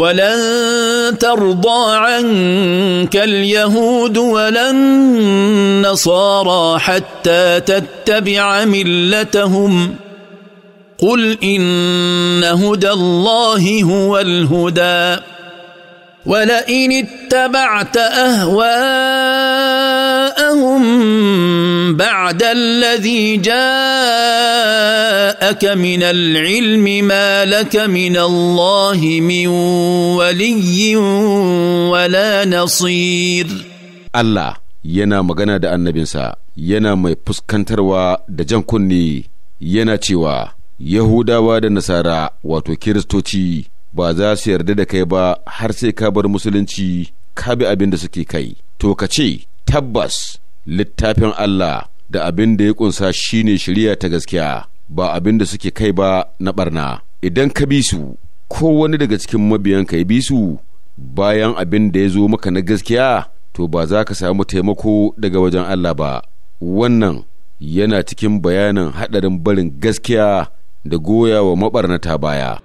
ولن ترضى عنك اليهود ولا النصارى حتى تتبع ملتهم قل ان هدى الله هو الهدى ولئن اتبعت اهواءهم بعد الذي جاء جاءك من العلم ما لك من الله من ولي ولا نصير الله yana magana da annabinsa yana mai fuskantarwa da jan kunni yana cewa yahudawa da nasara wato kiristoci ba za su yarda da kai ba har sai ka bar musulunci ka bi abin da suke kai to ka ce tabbas littafin Allah da abin da ya kunsa shine shirya ta gaskiya ba abin da suke kai ba na barna idan ka bi su ko wani daga cikin mabiyanka ya bi su bayan abin da ya zo maka na gaskiya to ba za ka samu taimako daga wajen Allah ba wannan yana cikin bayanin haɗarin barin gaskiya da goya wa maɓarnata baya